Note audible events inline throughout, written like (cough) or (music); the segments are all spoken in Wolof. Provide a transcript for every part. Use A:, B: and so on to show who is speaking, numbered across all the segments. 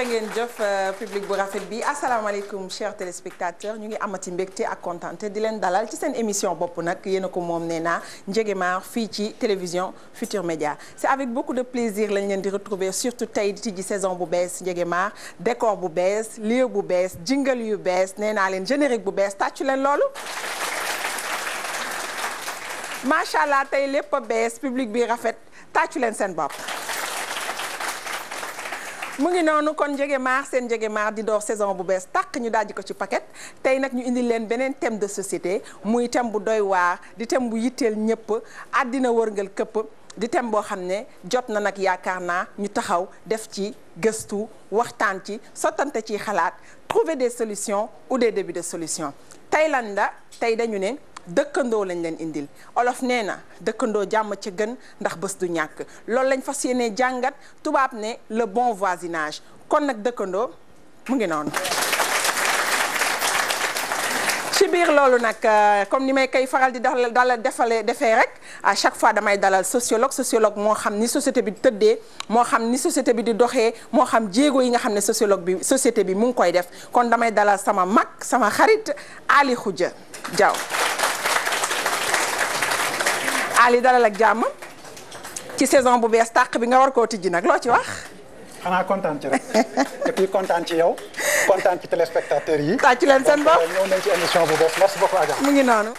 A: jërë ngeen jëf euh, public bu rafet bi asalaamaaleykum chers téléspectateurs ñu ngi amati mbégte ak kontaante di leen dalal ci seen émission bopp nag yéen ko moom nee naa njegemaar fii ci télévision Futur Média c'est avec beaucoup de plaisir lañ leen di retrouver surtout tey di tijji saison bu bees njegemaar décor bu bees lieu bu bees jingle yu bees nee naa leen générique bu bees tàccu leen loolu macha allah tey lépp a bees public bi rafet tàccu leen seen bopp mu ngi noonu kon njege maar seen njege maar di door saison bu bees tàq ñu dajji ko ci paquet tey nag ñu indil leen beneen thème de société muy thème bu doy waar di thème bu yitteel ñëpp àddina wërngal këpp di thème boo xam ne jot na nag yaakaar naa ñu taxaw def ci gëstu waxtaan ci sottante ci xalaat trouver des solutions ou des débuts de solution tey lan la tey dañu ne dëkkandoo lañ leen indil olof nee na dëkkandoo jàmm ci gën ndax bés du ñàkk loolu lañ fas yéenee jàngat tubaab ne le bon voisinage kon nag dëkkandoo mu ngi noonu. ci biir loolu nag euh, comme ni may kay faral di dalal defalee defee rek à chaque fois damay dalal sociologue sociologue moo xam ni société bi tëddee moo xam ni société bi di doxee moo xam jéego yi nga xam ne sociologue bi société bi mu ngi koy def kon damay dalal sama mag sama xarit Ali Khoudia Diaw Ali dalal ak jàmm ci saison bu bees tàq bi nga war koo tijji nag loo ci wax.
B: xanaa kontaan ci rek et puis kontaan ci yow kontaan ci téléspectateurs yi. tàcc leen seen bopp ñëw nañ ci émission bu bees merci beaucoup Adja.
A: mu ngi noonu.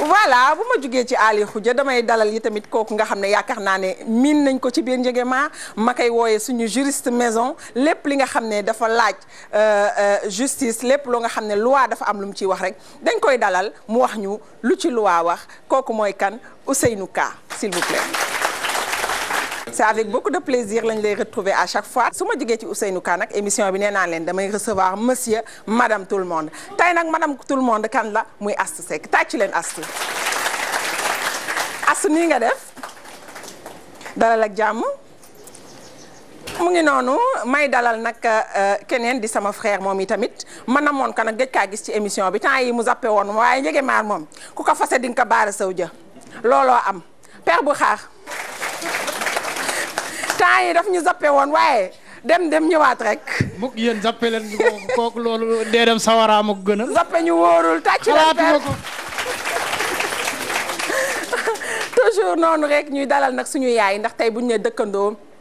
A: voilà bu ma jugee ci Ali Khoudia damay dalal yi tamit kooku nga xam ne yaakaar naa ne miin nañ ko ci biir njëgema ma koy wooyee suñu juriste maison lépp li nga xam ne dafa laaj euh, euh, justice lépp loo nga xam ne loi dafa am lu mu ciy wax rek dañ koy dalal mu wax ñu lu ci loi wax kooku mooy kan Ousseynou Ka s'il vous plaît c'est avec beaucoup de plaisir lañ lay retrouver à chaque fois su ma jógee ci Ousseynou Ka nag émission bi nee naa leen damay recevoir monsieur madame tout le monde tey nag madame tout le monde kan la muy Astou Seck tàccu leen Astou Astou nii nga def dalal ak jàmm mu ngi noonu may dalal nag euh, keneen di sama frère moom i tamit man na moon ko nag gëj kaa gis ci émission bi temps yi mu zappe woon waaye njege maar moom ku ko fase di nga ko baara saw ja looloo am temps yi daf ñu zappe woon waaye
C: dem dem ñëwaat rek. mukk yéen zappe leen kooku loolu dee dem sawaraam ak gën
A: ñu wóorul tàcc leen (laughs) toujours noonu rek ñuy dalal nag suñu yaay ndax tey buñu ne dëkkandoo.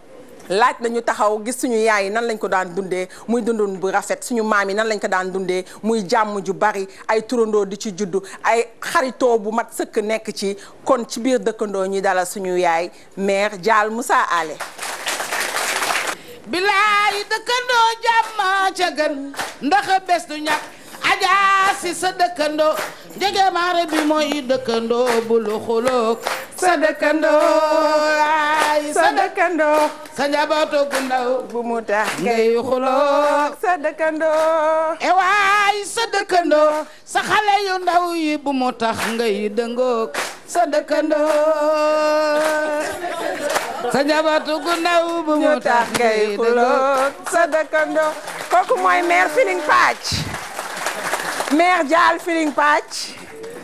A: laaj nañu taxaw gis suñu yaay yi nan lañ ko daan dundee muy dundun bu rafet suñu maam yi nan lañ ko daan dundee muy jàmm ju bari ay turandoo di ci juddu ay xaritoo bu mat sëkk nekk ci kon ci biir dëkkandoo ñuy dalal suñu yaay maire Dial musaa Allé
D: bilaay dëkkandoo jàmm ca gën ndax bés du ñàkk Ajaa si sa dëkkandoo njege maare bi mooy dëkkandoo bulu xuloog
A: sa dëkkandoo ay sa dëkkandoo sa njabootoo gu ndaw bu mu tax ngay xuloog sa dëkkandoo ewaay sa
D: dëkkandoo sa xale yu ndaw yi bu mu tax ngay dëngoog sa dëkkandoo
A: sa njabootu gu ndaw bu mu tax ngay xuloog sa dëkkandoo kooku mooy maire Feeling Patch maire Dial Feeling Patch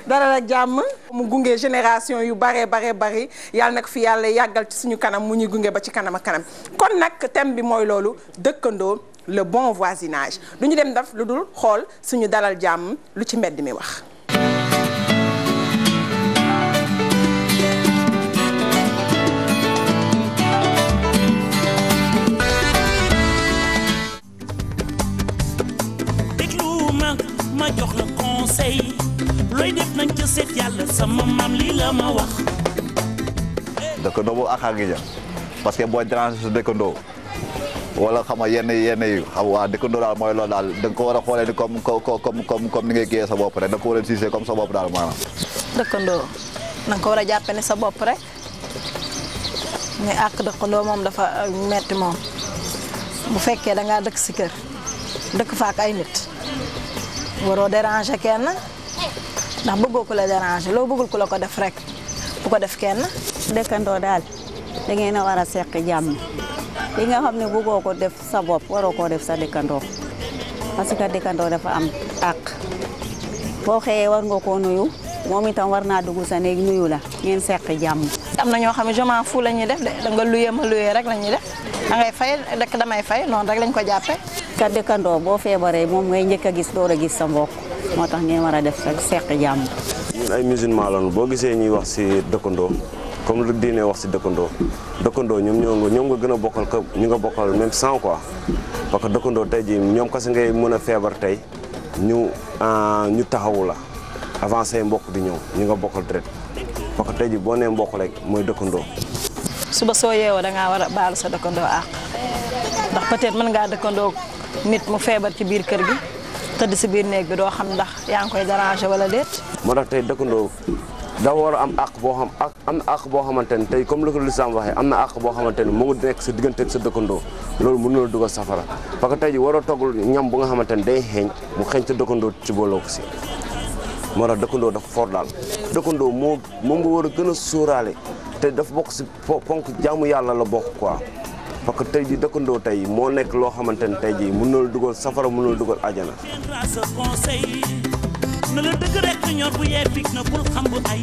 A: dara ak jàmm mu gunge génération yu bare bare bari yàlla nag fi yàlla yàggal ci suñu kanam mu ñuy gunge ba ci kanam ak kanam kon nag thème bi mooy loolu dëkkandoo le bon voisinage lu ñu dem daf lu dul xool suñu dalal jàmm lu ci mbedd mi wax
E: nga ma wax.
F: dëkkandoo boobu ak ngi ja parce que boo déranger sa dëkkandoo wala xam nga yenn yenn yi xam waa dëkkandoo daal mooy lool daal da ko war a xoolee ni comme comme comme comme ni ngay kiyee sa bopp rek da nga ko war a siisee comme sa
G: dëkkandoo ko war a jàppe sa bopp rek mais ak moom dafa euh, metti moom
A: bu fekkee da ngaa dëkk si kër dëkk fa ay nit waroo déranger kenn. ndax bëggoo ku la déranger loo bëggul ku la ko def rek bu ko def kenn. dëkkandoo daal da ngeen a war a seq jàmm li nga xam ne bëggoo ko def sa bopp waroo koo def sa dëkkandoo parce que dëkkandoo dafa am àq boo xëyee war nga koo nuyu moom itam war naa dugg sa néeg nuyu la ngeen seq jàmm. am na ñoo xam ne jamono fu la ñuy def da nga luyee ma luyee rek la ñuy def da ngay fay dëkk damay fay noonu rek lañ ko jàppee. ka dëkkandoo boo feebaree moom ngay njëkk a gis door a gis sa mbokk.
H: moo tax ngeen war a def rek seq jàmm.
F: ñun ay musulman lañu boo gisee ñuy wax ci dëkkandoo comme lu diine wax si dëkkandoo dëkkandoo ñoom ñoo nga gën a bokkal ko ñu nga bokkal même sans quoi parce que dëkkandoo tey jii ñoom kese ngay mën a feebar tey ñu ah, ñu taxawu la avancé mbokk di ñëw ñu nga bokkal deret parce te tey boo nee mbokk rek mooy dëkkandoo.
A: suba soo yeewoo da ngaa war a baalu sa dëkkandoo àq ndax peut-être ngaa dëkkandoo nit mu feebar ci biir kër gi. tëdd si biir néeg bi doo xam ndax yaa ngi koy déranger wala déet.
F: moo tax tey dëkkandoo da war a am àq boo xam àq am na àq boo xamante ni tey comme la ko lislaam waxee am na àq boo xamante ni mu ngi nekk sa diggante ak loolu mën na la dugal parce que tey ji waroo toggul ñam bu nga xamante ni day xeeñ mu xeeñ sa dëkkandoo ci booloo ko si. moo tax dëkkandoo dafa for daal dëkkandoo moo moom nga war a gën a sóoraale te dafa bokk si ponk jaamu yàlla la bokk quoi. parce que tey ji dëkkandoo tey moo nekk loo xamante ne tey ji mën na la dugal safara mën la dugal ajana
E: na la dëgg rek ñor bu yee fig na bul xam bu ay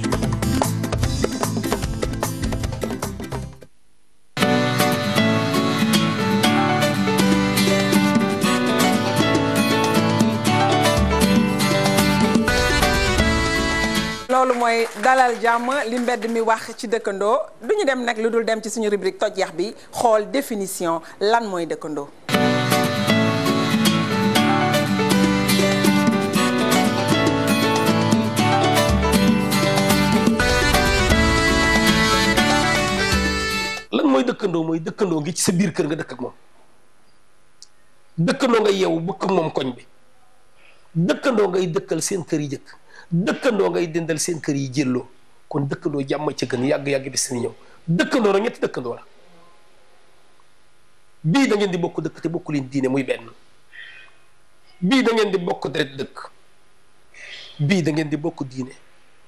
A: mooy dalal jàmm li mbedd mi wax ci dëkkandoo du ñu dem nag lu dul dem ci suñu rubrique toj yax bi xool définition lan mooy dëkkandoo.
E: lan mooy dëkkandoo mooy dëkkandoo ngi ci sa biir kër nga dëkk ak moom dëkkandoo nga yeewu bëkk ak moom koñ bi dëkkandoo ngay dëkkal seen kër yi jëkk dëkkandoo ngay dendal seen kër yi jëlloo kon dëkkandoo jàmm ci gën yàgg-yàgg bi seen ñëw dëkkandoo la ñetti dëkkandoo la bii dangeen di bokk dëkk te diine muy benn bii da di bokk deret dëkk bii da ngeen di bokk diine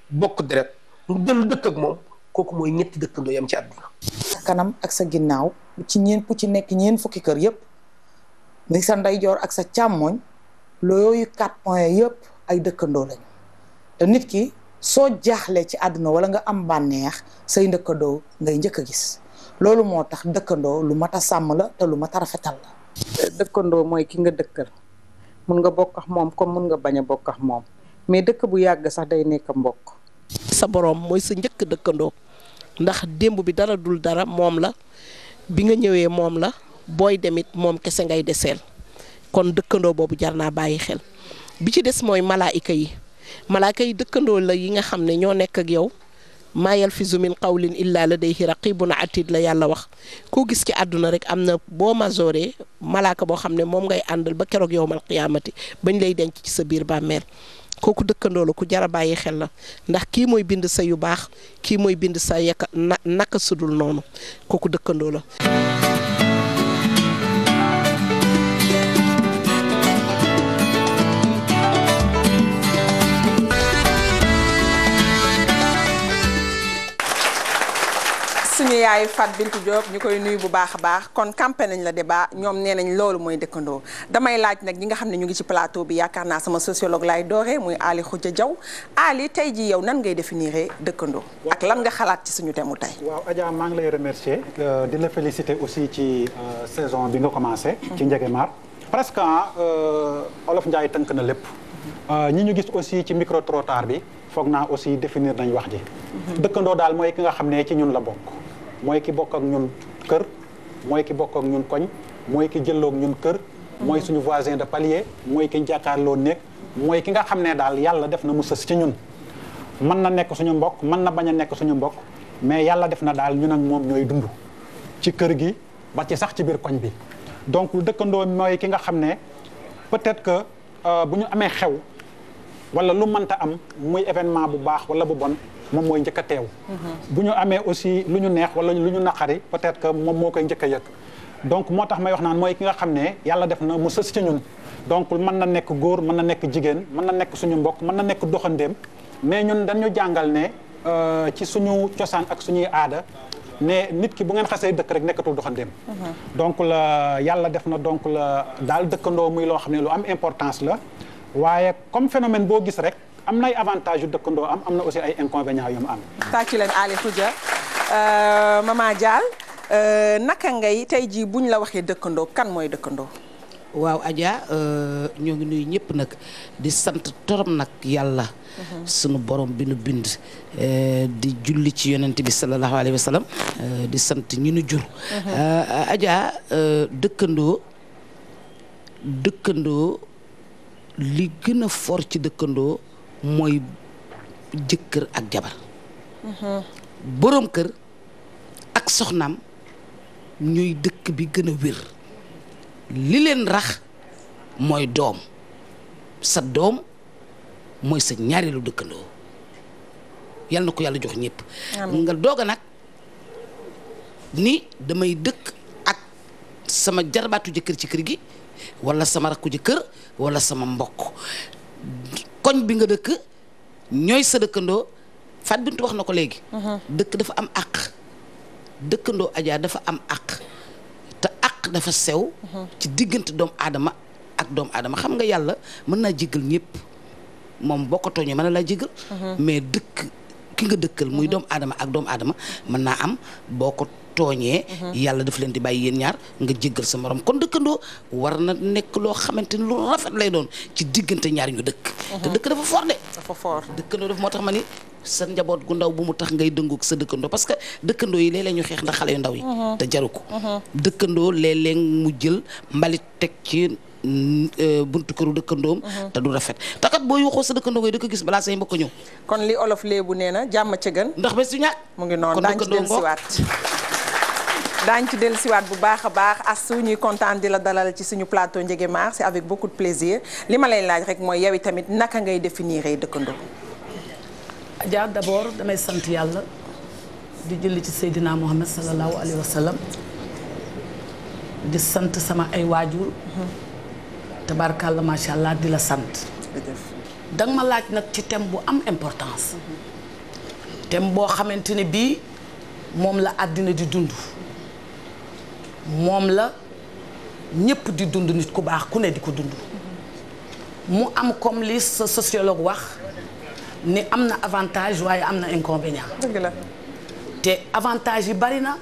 E: bokk deret mu dellu dëkk ak moom
H: kooku mooy ñetti dëkkandoo yam ci àdduna sa kanam ak sa ginnaaw ci ñeen ku ci nekk ñeen fukki kër yépp ni sa ndeyjoor ak sa càmmoñ loo yooyu quatre points yépp ay dëkkandoo lañ te nit ki soo jaaxlee ci àdduna wala nga am bànneex say ndëkkandoo ngay njëkk a gis loolu moo tax dëkkandoo lu mat a sàmm la te lu mat a rafetal la. dëkkandoo mooy ki nga dëkkal mun nga bokk moom comme mun nga bañ a bokkax
G: moom mais dëkk bu yàgg sax day nekk mbokk. sa boroom mooy sa njëkk dëkkandoo ndax démb bi dara dul dara moom la bi nga ñëwee moom la booy demit moom kese ngay deseel kon dëkkandoo boobu jar naa bàyyi xel bi ci des mooy malaayika yi. malaaka yi dëkkandoo la yi nga xam ne ñoo nekk ak yow maa yalfizu min qawlin illaa ladayhi na atiit la yàlla wax koo gis ci àdduna rek am na boo mazooree malaaka boo xam ne moom ngay àndal ba keroog yow yowmal qiyaamati bañ lay denc ci sa biir bàmmeel kooku dëkkandoo la ku jar a bàyyi xel la ndax kii mooy bind sa yu baax kii mooy bind sa yekk nakk naka sudul noonu kooku dëkkandoo la
A: yaayu Fat Bintou Diop ñu koy nuyu bu baax a baax kon campé nañ la débat ñoom nee nañ loolu mooy dëkkandoo damay laaj nag ñi nga xam ne ñu ngi ci plateau bi yaakaar naa sama sociologue laay dooree muy Ali Khoudia Diaw Ali tey ji yow nan ngay définir dëkkandoo ak lan nga xalaat ci suñu
B: temu tey waaw Adja maa ngi lay remercier euh, dina la aussi ci euh, saison bi nga commencé ci Njegemaar presque euh, Olof Ndiaye tënk na lépp ñi ñu gis aussi ci micro trottoir bi foog naa aussi définir nañ wax ji mhm. dëkkandoo daal mooy ki nga xam ne ci ñun la bokk mooy ki bokk ak ñun kër mooy ki bokkak ñun koñ mooy ki jëlloog ñun kër mooy suñu voisin de palier mooy ki jàkkaarloo nekk mooy ki nga xam ne daal yàlla def na mu sës ci ñun mën na nekk suñu mbokk mën na bañ a nekk suñu mbokk mais yàlla def na daal ñun ak moom ñooy dund ci kër gi ba ci sax ci biir koñ bi donc dëkkandoo mooy ki nga xam ne peut-être que euh, bu ñu amee xew wala lu mënta am muy événement bu baax wala bu bon moom mooy njëkk a teew
E: mm-hmm. bu
B: ñu amee aussi lu ñu neex wala lu ñu naqari peut-être que moom moo koy njëkk a yëg donc moo tax may wax naan mooy ki nga xam ne yàlla def na mu sës ci ñun donc mën na nekk góor mën na nekk jigéen mën na nekk suñu mbokk mën na nekk doxandéem mais ñun dañu jàngal ne euh, ci suñu cosaan ak suñuy aada ne nit ki bu ngeen xasee dëkk rek nekkatul doxandéem mm-hmm. donc la yàlla def na donc la daal dëkkandoo muy loo xam ne lu am importance la waaye comme phénomène boo gis rek am nay avantage yu dëkkandoo am am na aussi ay inconvénients yu mu am.
A: tàcc leen Aly Khoudia euh, Mama Dial euh, naka ngay tey jii buñ la waxee dëkkandoo kan mooy dëkkandoo. waaw Adja euh, ñoo ngi nuyu ñëpp
D: nag di sant torom nag yàlla. Mhm. sunu borom bi bind. di julli ci yonent bi sallallahu alayhi wa di sant ñi nu jur. Mhm. Adja dëkkandoo dëkkandoo li gën a for ci dëkkandoo mooy jëkkër ak jabar mhm. boroom kër ak soxnaam ñuy dëkk bi gën a wér li leen rax mooy doom sa doom mooy sa ñaareelu dëkkandoo yal na ko yàlla jox ñëpp nga doog nag ni damay dëkk ak sama jarbaatu jëkkër ci kër gi walla sama rakku ji kër wala sama mbokk koñ bi nga dëkk ñooy sa dëkkandoo Fat Bintou wax na ko léegi. Uh-huh. dëkk dafa am àq. dëkkandoo Adja dafa am àq te àq dafa sew. Uh-huh. ci diggante doomu aadama ak doomu adama xam nga yàlla mën naa jéggal ñëpp moom bokkatoo ñu mën na laa uh-huh. muy doomu ak doomu aadama mën naa am boo ko tooñee yàlla daf leen di bàyyi yéen ñaar nga jéggal sa morom kon dëkkandoo war na nekk loo xamante ni lu rafet lay doon ci diggante ñaar ñu dëkk te dëkk dafa fort de dafa fort dëkkandoo daf moo tax ma ni sa njaboot gu ndaw bu mu tax ngay dëngoog sa dëkkandoo parce que dëkkandoo mhm. mhm. mu jël mbalit teg ci euh, buntu këru dëkkandoom mhm. te du rafet te kat boo yuuxoo sa dëkkandoo ngay
A: dëkk gis balaa say mbokk ñëw kon li olof léebu nee jàmm ci gën ndax bés du mu ngi noonu daañu ci dellusiwaat daañu ci dellusiwaat bu baax a baax Astou ñuy kontaan di la dalal ci suñu plateau Njëgëmar c'est avec beaucoup de plaisir li ma lay laaj rek mooy yow tamit naka ngay définir dëkkandoo.
D: Adja d'abord damay sant yàlla di julli ci Seydina Mohamed sallallahu alayhi wa sallam di sant sama ay waajur. tabarkàlla macha allah di la sant. danga ma laaj nag ci thème bu am importance. thème boo xamante ne bii moom la àddina di dund. moom la ñëpp di dund nit ku baax ku ne di ko dund mu am comme li sociologue wax ni am na avantage waaye am na inconvénient dëgg la te avantage yi bari na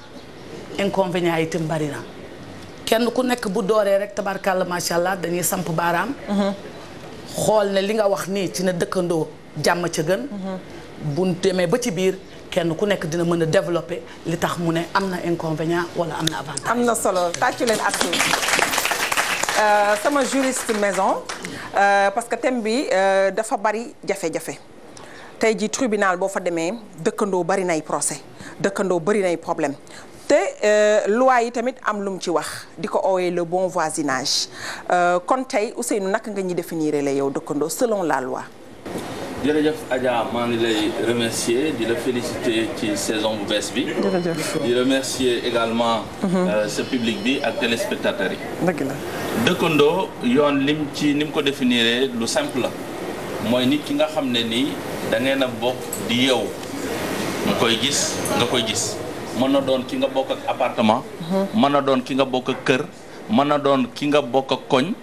D: inconvénient yi tam na kenn ku nekk bu dooree rek tabarkàlla macha allah dañuy samp baaraam mhm. xool ne li nga wax nii ci ne dëkkandoo jàmm ca gën mhm. bu demee ba ci biir kenn ku nekk dina mën a développer li tax mu ne am na inconvénient wala am na avantage.
A: am na solo tàccu leen ak euh, sama juriste maison euh, parce que thème bi euh, dafa bari jafe-jafe tey jii tribunal boo fa demee dëkkandoo bari nay procès dëkkandoo bari nay problème te loi yi tamit am lu mu ci wax di ko oowee le bon voisinage kon tey Ousseynou naka nga ñuy définir la yow dëkkandoo selon la loi.
I: jërëjëf Adja maa ngi lay remercier di la féliciter ci saison bu bees bi. jërëjëf di remercier également. sa mhm. euh, public bi ak téléspectateurs yi. dëgg la dëkkandoo yoon lim ci nim mu ko définir lu simple la mooy nit ki nga xam ne nii da ngeen a bokk di yow nga koy gis nga koy gis mën na doon ki nga bokk ak appartement. Mhm. mën na doon ki nga bokk ak kër. mën na doon ki nga bokk ak koñ.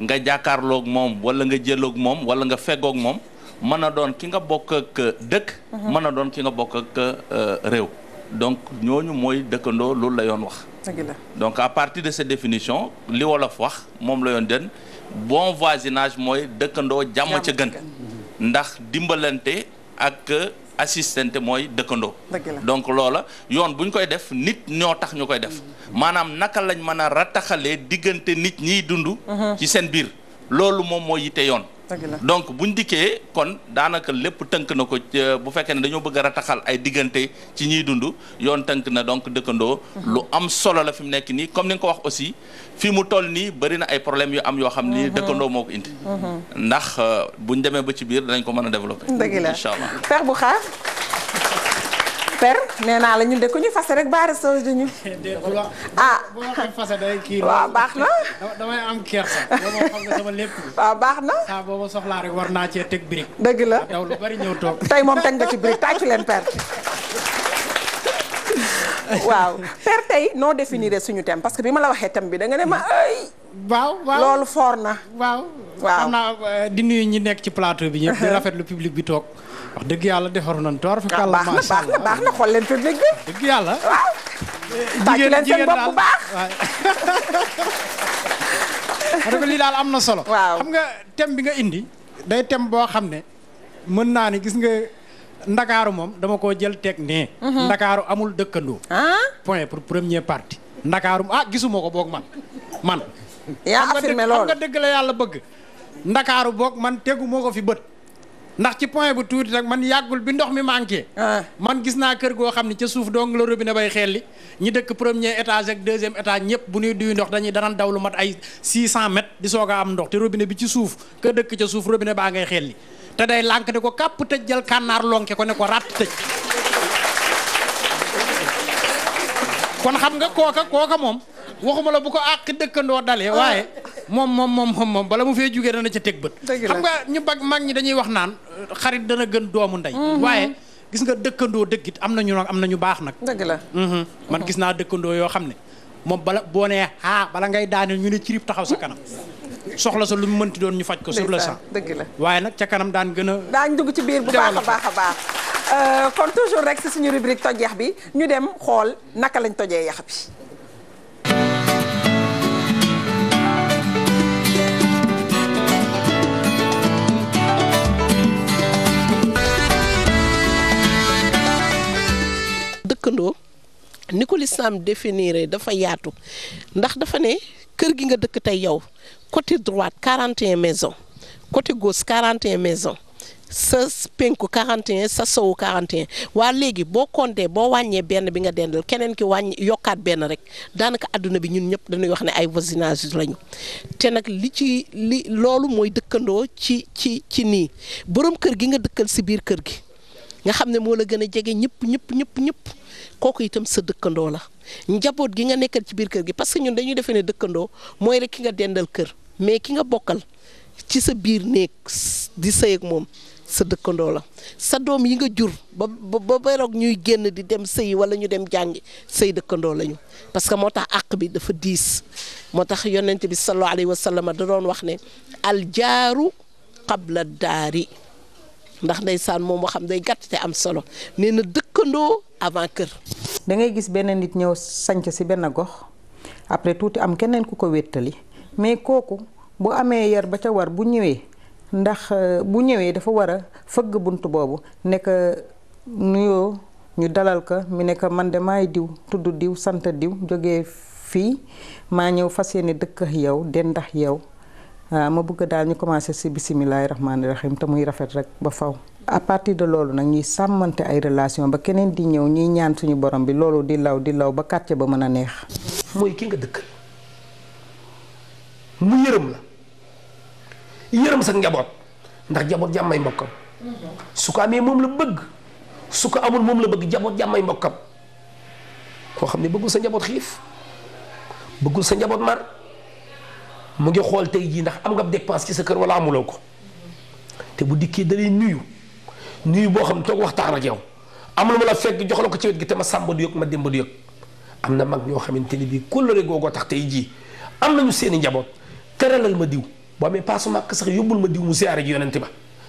I: nga jàkkaarloog moom wala nga jëlook moom wala nga fegook moom. mën a doon ki nga bokk ak euh, dëkk. Mhm. mën a doon ki nga bokk ak euh, réew. donc ñooñu mooy dëkkandoo loolu la yoon wax. donc à partir de cette définition li wolof wax moom la yoon den bon voisinage mooy dëkkandoo jàmm ca gën. Mhm. ndax dimbalante ak euh, assistante mooy dëkkandoo. donc loola yoon bu ñu koy def nit ñoo tax ñu koy def. Mhm. maanaam naka lañ mën a rataxalee diggante nit ñiy dund. ci seen biir loolu moom mooy yite yoon. donc buñ dikkee kon daanaka lépp tënk na ko euh, bu fekkee ne dañoo bëgg a rataxal ay diggante ci ñiy dund yoon tënk na donc dëkkandoo. Mhm. lu am solo la fi mu nekk nii comme ni nga ko wax aussi fi mu toll nii bëri na ay problèmes yu am yoo xam ni mhm. dëkkandoo moo ko indi. Mhm. ndax euh, buñ demee ba ci biir danañ ko mën a développer. dëgg la incha
A: allah per nee naa la de ku ñu fase rek baara soos di ñu. ah bu ma fase day kii. waaw baax na damay
C: boo xam waaw baax na. Ah, war naa cee teg birig. dëgg la yow lu bari
A: ñëw toog. tey moom teg nga ci birig tàccu leen per. waaw per tey noo définir suñu thème parce que bi ma la waxee thème bi danga nga ne ma ay. loolu foor na. waaw waaw xam
C: euh, di nuyu ñi nekk ci plateau bi ñëpp (laughs) rafet lu public bi toog. wax dëgg yàlla defaru nañ toor fa ah, kàlla macha allah
A: baax na baax leen te dëgg
C: dëgg yàlla waaw
A: tàcc bopp baax
C: (laughs) ma daal am na solo waaw xam nga thème bi nga indi day thème boo xam ne mën naa ni gis nga ndakaaru moom dama koo jël teg nee mhm. ndakaaru amul dëkkandoo ah? point pour premier partie ndakaaru ah gisuma ko boog man man
A: xam nga
C: dëgg la yàlla bëgg ndakaaru boog man tegu moo ko fi bët ndax ci point bu tuuti nag man yàggul bi ndox mi manqué. Ah. man gis naa kër goo xam ne ca suuf dong la robinet bay xelli ñi dëkk premier étage ak deuxième étage ñëpp bu ñuy duy ndox dañuy danañ daw lu mat ay 600 mètres di soog a am ndox te robine bi ci suuf ka dëkk ca suuf robinet baa ngay xelli te day lànk ne ko kàpp tëj jël kànnaar lonke ko ne ko ràtt tëj. kon xam nga kooka kooka moom. waxuma la bu ko àq dëkkandoo dale ah. waaye moom moom moom moom moom bala mu fee jugee dana ca teg bët xam nga ñu bag mag ñi dañuy wax naan euh, xarit dana gën doomu ndey mm-hmm. waaye gis nga dëkkandoo dëggit am na ñu nag am na ñu baax nag dëgg la mm-hmm. man mm-hmm. gis naa dëkkandoo yoo xam ne moom bala boo nee haa bala ngay daaneel ñu ne cirib taxaw sa kanam soxla sa lu mu mënti doon ñu faj ko sur le champ dëgg la waaye nag ca kanam daan gën
A: a daañ dugg ci biir bu baax a baax a baax euh, kon toujours rek si suñu rubrique tojeex bi ñu dem xool naka lañ tojee yax bi
G: ni ko lislaam définir dafa yaatu ndax dafa ne kër gi nga dëkk tey yow côté droite 41 maisons côté gauche 41 maisons sa penku 41 sa sow 41 waa léegi boo compter boo wàññee benn bi nga dendal keneen ki wàññi yokkaat benn rek daanaka àdduna bi ñun ñëpp dañuy wax ne ay voisinage lañu te nag li ci li loolu mooy dëkkandoo ci ci ci nii borom kër gi nga dëkkal si biir kër gi nga xam ne moo la gën a jege ñëpp ñëpp ñëpp ñëpp. kooku itam sa dëkkandoo la njaboot gi nga nekkal ci biir kër gi parce que ñun dañuy defee ne dëkkandoo mooy rek ki nga dendal kër mais ki nga bokkal ci sa biir néeg di sëy ak moom sa dëkkandoo la sa doom yi nga jur ba ba beroog ñuy génn di dem sëyi wala ñu dem jàngi say dëkkandoo lañu parce que moo tax àq bi dafa diis moo tax yonent bi sallallahu alayhi wa sallam da doon wax ne aljaaru qabla daari ndax ndeysaan moom waxam day gàtt te am solo nee dëkkandoo avant kër.
H: da ngay gis benn nit ñëw sanc si benn gox après tuuti am keneen ku ko wéttali mais kooku bu amee yar ba ca war bu ñëwee ndax euh, bu ñëwee dafa war a fëgg bunt boobu nekk nuyoo ñu dalal ko mu nekk man de maay diw tudd diw sant diw jógee fii maa ñëw fas yéene dëkk yow den ndax yow. Ah, ma bëgg daal ñu commencé si bisimilahi rahmaani rahim te muy rafet rek ba faw à partir de loolu nag ñuy sàmmante ay relation ba keneen di ñëw ñuy ñaan suñu borom bi loolu di law di law ba quartier ba mën a neex mooy ki nga dëkk
E: mu yërëm la yërëm sa njaboot ndax njaboot jàmmay mbokkam mhm. su ko amee moom la bëgg su ko amul moom la bëgg njaboot jàmmay mbokkam koo xam ne bëggul sa njaboot xiif bëggul sa njaboot mar mu ngi xool tey jii ndax am nga dépense ci sa kër wala amuloo ko te bu dikkee da lay nuyu nuyu boo xam ne toog waxtaan ak yow am lu ma la fekk jox la ko ci wet gi te ma sàmba du ma démba du am na mag ñoo xamante ni bii kóllëre googoo tax tey jii am nañu seeni njaboot teralal ma diw boo amee paasu màkk sax yóbbul ma diw mu siyaare ji yonente ba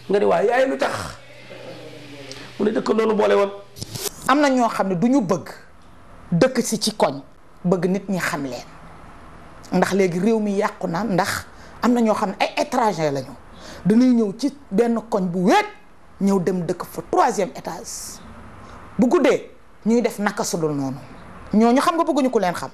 E: nga ne waaye yaay lu tax mu ne dëkk noonu boole woon
H: am na ñoo xam ne bu ñu bëgg dëkk si ci koñ bëgg nit ñi xam leen ndax léegi réew mi yàqu na ndax am na ñoo xam ne ay étranger lañu dañuy ñëw ci benn koñ bu wéet ñëw dem dëkk fa troisième étage bu guddee ñuy def naka sudul noonu ñooñu xam nga bëgguñu ku leen xam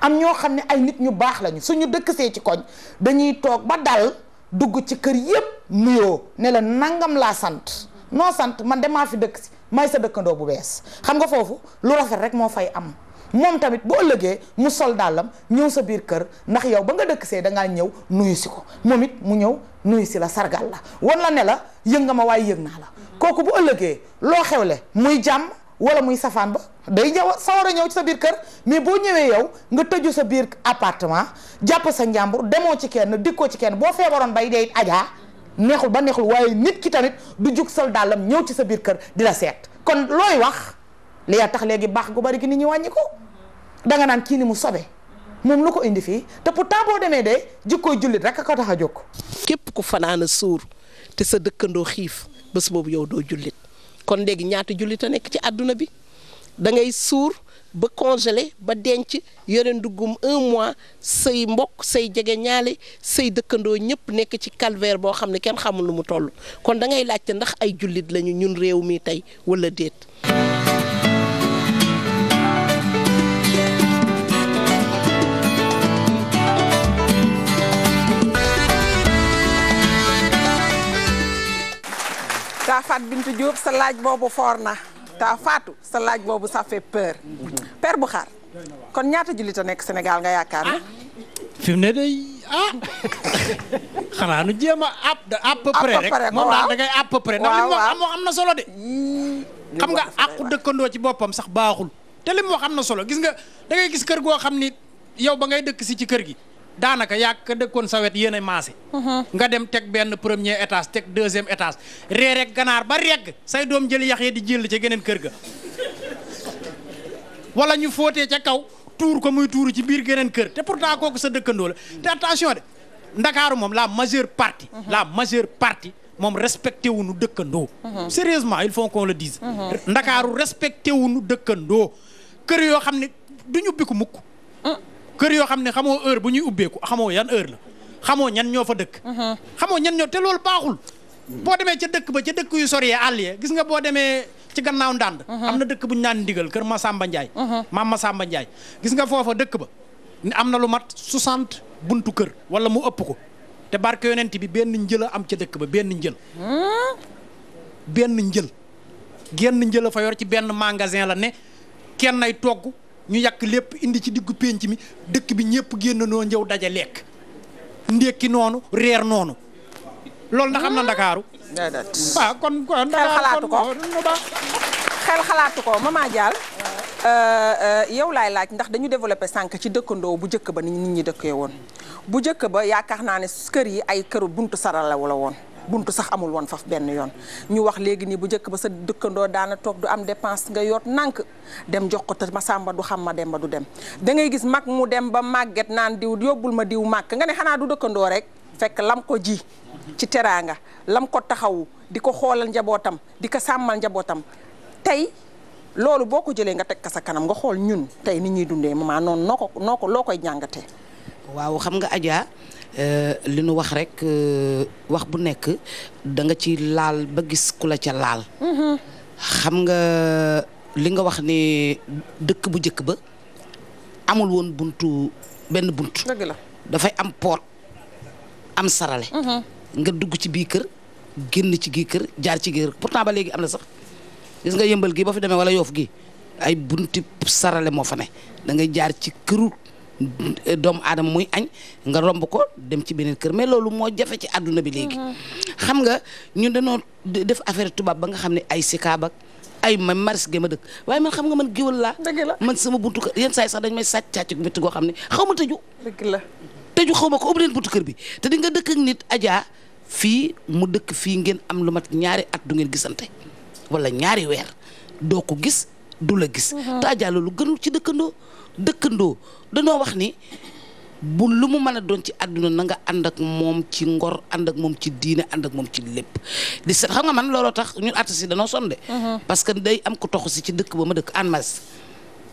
H: am ñoo xam ne ay nit ñu baax lañu suñu dëkk see ci koñ dañuy toog ba dal dugg ci kër yépp nuyoo ne la nangam laa sant noo sant man de maa fi dëkk si may sa dëkkandoo bu bees xam nga foofu lu rafet rek moo fay am. moom tamit bu ëllëgee mu sol dàllam ñëw sa biir kër ndax yow ba nga dëkk see da ngaa ñëw nuyu si ko moom it mu ñëw nuyu si la sargal la wan la ne la yëg nga ma waaye yëg naa la mm-hmm. kooku bu ëllëgee loo xewle muy jàmm wala muy safaan ba day ñëw sawar ñëw ci sa biir kër mais boo ñëwee yow nga tëju sa biir appartement jàpp sa njàmbur demoo ci kenn dikkoo ci kenn boo feebaroon bay dee it ajaa neexul ba neexul waaye nit ki tamit du jug sol dàllam ñëw ci sa biir kër di la seet kon looy wax li yaa tax léegi baax gu bari nit ñi wàññi danga naan kii ni mu sobee moom lu ko indi fii te pourtant boo demee
G: de jikkooy jullit rek ko tax a jóg. képp ku fanaana suur te sa dëkkandoo xiif bés boobu yow doo jullit kon léegi ñaata jullit a nekk ci àdduna bi da ngay suur ba congelé ba denc yore nduggum un mois say mbokk say jege ñaale say dëkkandoo ñëpp nekk ci calvaire boo xam ne kenn xamul lu mu toll kon da ngay laajte ndax ay jullit lañu ñun réew mi tey wala déet.
A: taa faat Bintu Diop sa laaj boobu foor na taa faatu sa laaj boobu ça fait peur bu xaar kon ñaata jullit a nekk Sénégal nga yaakaar na fi ne day ah
C: (laughs) xanaa nu jéem a à app peu près rek moom daal da ngay à peu près ndax wax am am na solo de xam nga àqu dëkkandoo ci boppam sax baaxul te li wax am na solo gis nga da gis kër goo xam ni yow ba ngay dëkk si ci kër gi daanaka yaa ka dëkkoon sawet wet yéen a maase. Mhm. nga dem teg benn premier étage teg deuxième étage ree rek ganaar ba regg say doom jël yax yi di jël ca geneen kër ga. wala ñu footee ca kaw tuur ko muy tuuru ci biir geneen kër te pourtant kooku sa dëkkandoo la te attention de ndakaaru moom la majeure partie. Mhm. la majeure partie. moom respecté wu nu dëkkandoo. Mhm. sérieusement il faut qu'on le dise. ndakaaru respecté wu nu dëkkandoo. kër yoo xam ne du ñu biku kër yoo xam ne xamoo heure bu ñuy ubbeeku xamoo yan heure la xamoo ñan ñoo fa dëkk. Mm-hmm. xamoo ñan ñoo te loolu baaxul. boo demee ca dëkk ba ca dëkk yu sori àll ya gis nga boo demee ci gannaaw ndànd. Mm-hmm. am na dëkk bu ñu naan ndigal kër ma Masamba ma mm-hmm. maam Masamba Ndiaye gis nga foofa dëkk ba am na lu mat 60 buntu kër wala mu ëpp ko te barke yonent bi benn njël a am ca dëkk ba benn njël. benn njël genn njël a fa yor ci benn magasin la ne kenn ay togg. ñu yàq lépp indi ci diggu pénc mi dëkk bi ñëpp génn noo njëw daja lekk ndékki noonu reer noonu
A: loolu ndax am na ndakaaru waaw ah, kon kon xel xalaatu ko xel xalaatu ko maman euh, euh, yow laay laaj ndax dañu développé sànq ci dëkkandoo bu njëkk ba ni nit ñi dëkkee woon bu njëkk ba yaakaar naa ne kër yi ay këru bunt sarala wala woon buntu sax amul woon faf benn yoon ñu wax léegi nii bu njëkk ba sa dëkkandoo daana toog du am dépense nga yoot nànk dem jox ko te sàmba du xam ma dem ba du dem da ngay gis mag mu dem ba màgget naan diw yóbbul ma diw màkk nga ne xanaa du dëkkandoo rek fekk lam ko ji ci teraanga lam ko taxawu di ko xoolal njabootam di ko sàmmal njabootam tey loolu boo ko jëlee nga teg ka sa kanam nga xool ñun tey ni ñuy dundee maa noonu noo ko noo ko loo koy jàngatee.
D: Euh, li nu wax rek euh, wax bu nekk danga ci laal ba gis ku la ca laal. Mm-hmm. xam nga li nga wax ni dëkk bu jëkk ba amul woon buntu benn buntu. dëgg la dafay am poot am sarale. Mm-hmm. nga dugg ci bii kër génn ci gii kër jaar ci gii kër pourtant léegi am na sax gis nga yëmbal gi boo fi demee wala yoof gi ay bunt sarale moo fa ne da jaar ci këru doomu aadama muy añ nga romb ko dem ci beneen kër mais loolu moo jafe ci àdduna bi léegi. Mm-hmm. xam nga ñun dañoo def affaire tubaab ba nga xam ne ay sikaabak ay ma maris gé ma dëkk waaye man xam nga man géwal laa. dëgg la man sama buntu kër yenn saa yi sax dañ may sàcc càcc gu métti goo xam ne xaw ma tëju. dëgg la tëju xaw ma ko buntu kër bi te di nga dëkk ak nit Adja fii mu dëkk fii ngeen am lu mat ñaari at du ngeen gisante wala ñaari weer doo ko gis du la gis. Mm-hmm. te Adja loolu gënul ci dëkkandoo. dëkk ndoo danoo wax ni bu lu mu mën a doon ci àdduna nanga nga moom ci ngor ànd ak moom ci diine ànd moom ci lépp di seet xam nga man looloo tax ñun artistes yi danoo de mhm. parce que day am ku toxu si ci dëkk boo ma dëkk en masse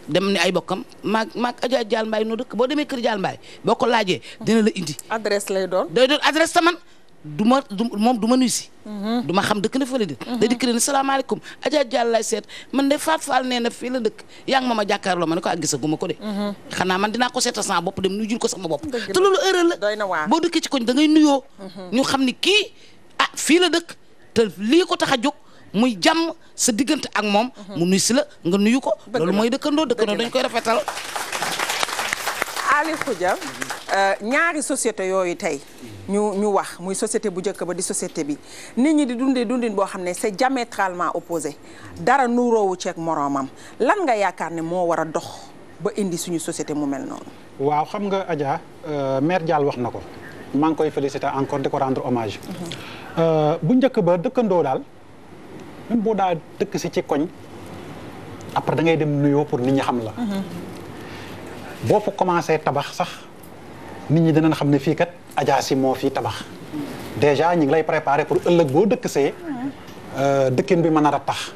D: dem ni ay bokkam maag maag Adja Dial Mbaye noo dëkk boo demee kër Dial Mbaye boo ko laajee. dina la indi. adresse lay doon. day doon adresse taman du ma du moom du ma nuyu si. Mhm. du ma xam dëkk na da di créé ne salaamaaleykum Adja Diallo laay seet man de Faat Faal nee na la dëkk yaa ngi ma ma jàkkaarloo ma ne ko ak gisaguma ko de. Mhm. xanaa man dinaa ko seetal sama bopp dem nuyu jul ko sama bopp. te loolu erreur la doy na mhm. ñu xam ni ki ah fii la dëkk te lii ko tax a jóg. muy jàmm sa diggante ak moom. mu nuyu si la nga nuyu ko. loolu mooy dëkkandoo dëkkandoo dañ koy rafetal.
A: Ali Khoudia euh, ñaari société yooyu tey ñu ñu wax muy société bu njëkk ba di société bi nit ñi di dundee dundin boo xam ne c'est diamétralement opposé dara nuróowu ceeg moroomam lan nga yaakaar ne moo
B: war a dox ba indi suñu société mu mel noonu. waaw xam nga aja euh, maire Diall wax na ko maa ngi koy féliciter encore di ko rendre hommage. Mhm. Euh, bu njëkk ba dëkkandoo daal même boo daa dëkk si ci koñ après da ngay dem nuyoo pour nit ñi xam la. Mhm. boo fa commencé tabax sax nit ñi dinañ xam ne fii kat ajaasi moo fii tabax déjà ñu ngi lay préparer pour ëllëg boo dëkk see euh, dëkkin bi mën a tax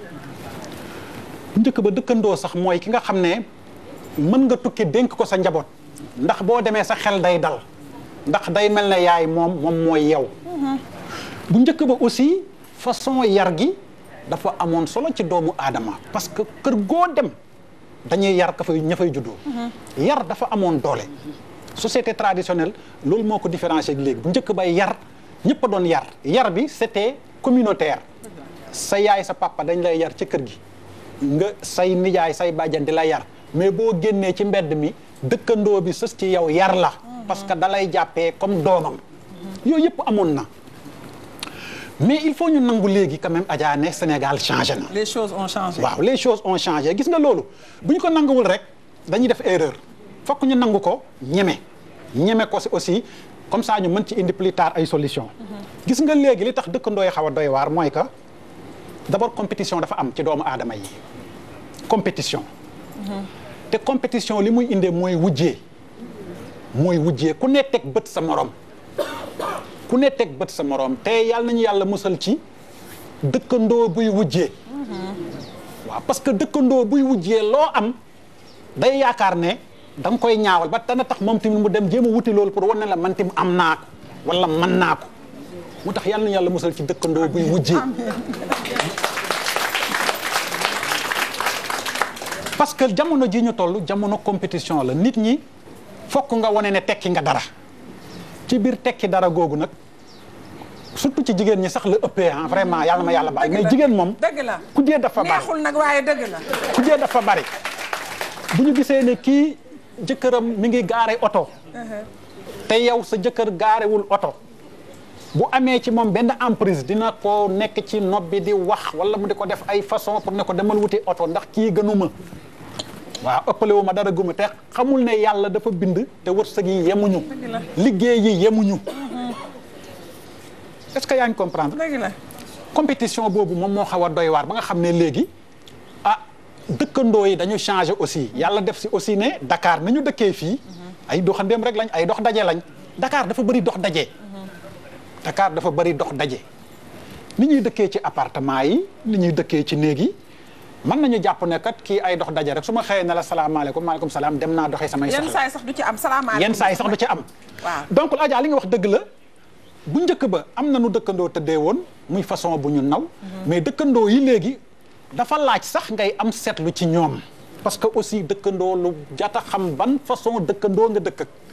B: bu njëkk ba dëkkandoo sax mooy ki nga xam ne mën nga tukki dénk ko sa njaboot ndax boo demee sa xel day dal ndax day mel na yaay moom moom mooy yow bu njëkk ba aussi façon yar gi dafa amoon solo ci doomu aadama parce que kër goo dem dañuy yar ka fay ña fay juddoo. Mhm. yar dafa amoon doole. société traditionnelle loolu moo ko différencier ak léegi bu njëkk bay yar ñëpp a doon yar yar bi c'était communautaire. sa yaay sa papa dañ lay yar ci kër gi nga say nijaay say bàjjan di la yar mais boo génnee ci mbedd mi dëkkandoo bi sës ci yow yar la. Mhm. parce que dalay jàppee comme doomam.
E: Mhm.
B: yooyu yëpp amoon na. mais il faut ñu nangu léegi quand même Adja Sénégal changé na. les choses ont changé. waaw les choses ont changé gis nga loolu bu ñu ko nanguwul rek dañuy def erreur fokk ñu nangu ko ñeme ñeme ko aussi comme ça ñu mën ci indi plus tard ay solution mm-hmm. gis nga léegi li tax dëkkandoo yi xaw a doy waar mooy que d'abord compétition dafa am ci doomu aadama yi compétition.
I: Mm-hmm.
B: te compétition li muy indee mooy wujjee mooy wujjee ku ne teg bët sa morom. ku ne teg bët sa moroom te yàlla na ñu yàlla musal ci dëkkandoo buy wujjee
E: mm-hmm.
B: waaw parce que dëkkandoo buy wujjee loo am day yaakaar ne da koy ñaawal ba dana tax moom tamit mu dem jéem a wuti loolu pour wane la man tamit am naa ko wala man naa ko mu tax yàlla ñu yàlla musal ci dëkkandoo buy wujjee parce que jamono ji ñu toll jamono compétition la nit ñi fokk nga wane ne tekki nga dara ci biir tekki dara googu nag surtout ci jigéen ñi sax la ëppee ah vraiment yàlla ma yàlla baal mais jigéen moom dëgg la ku jee dafa bari neexul nag waaye la ku jee dafa bari bu ñu gisee ne kii jëkkëram mi ngi gaare oto
E: uh-huh.
B: te yow sa jëkkër gaarewul oto bu amee ci moom benn emprise dina ko nekk ci nob bi di wax wala mu di ko def ay façon pour ne ko demal wuti oto ndax kii gënuma waaw ëppale ma dara guma te xamul ne yàlla dafa bind te wërsëg yi yemuñu liggéey yi yemuñu mm-hmm. est-ce que yaa ngi comprendre compétition boobu moom moo xaw a doy waar ba nga xam ne léegi ah dëkkandoo yi dañu changé aussi yàlla def si aussi ne dakaar ni ñu dëkkee fii mm-hmm. ay doxandéem rek lañ ay dox daje lañ dakaar dafa bëri dox daje mm-hmm. dakaar dafa bëri dox daje ni ñuy dëkkee ci appartement yi ni ñuy dëkkee ci néeg yi man na ñu jàpp ne kat kii ay dox daje rek su ma xëyee na la salaamaaleykum maaleykum salaam dem naa doxee samay soxla
A: yenn sax du ci am salaamaaleykum yenn saa yi sax du am
B: waaw donc Adja li nga wax dëgg la bu njëkk ba am na nu dëkkandoo tëddee woon muy façon bu ñu naw mhm. mais dëkkandoo yi léegi dafa laaj sax ngay am seetlu ci ñoom parce que aussi dëkkandoo lu jata xam ban façon dëkkandoo nga dëkk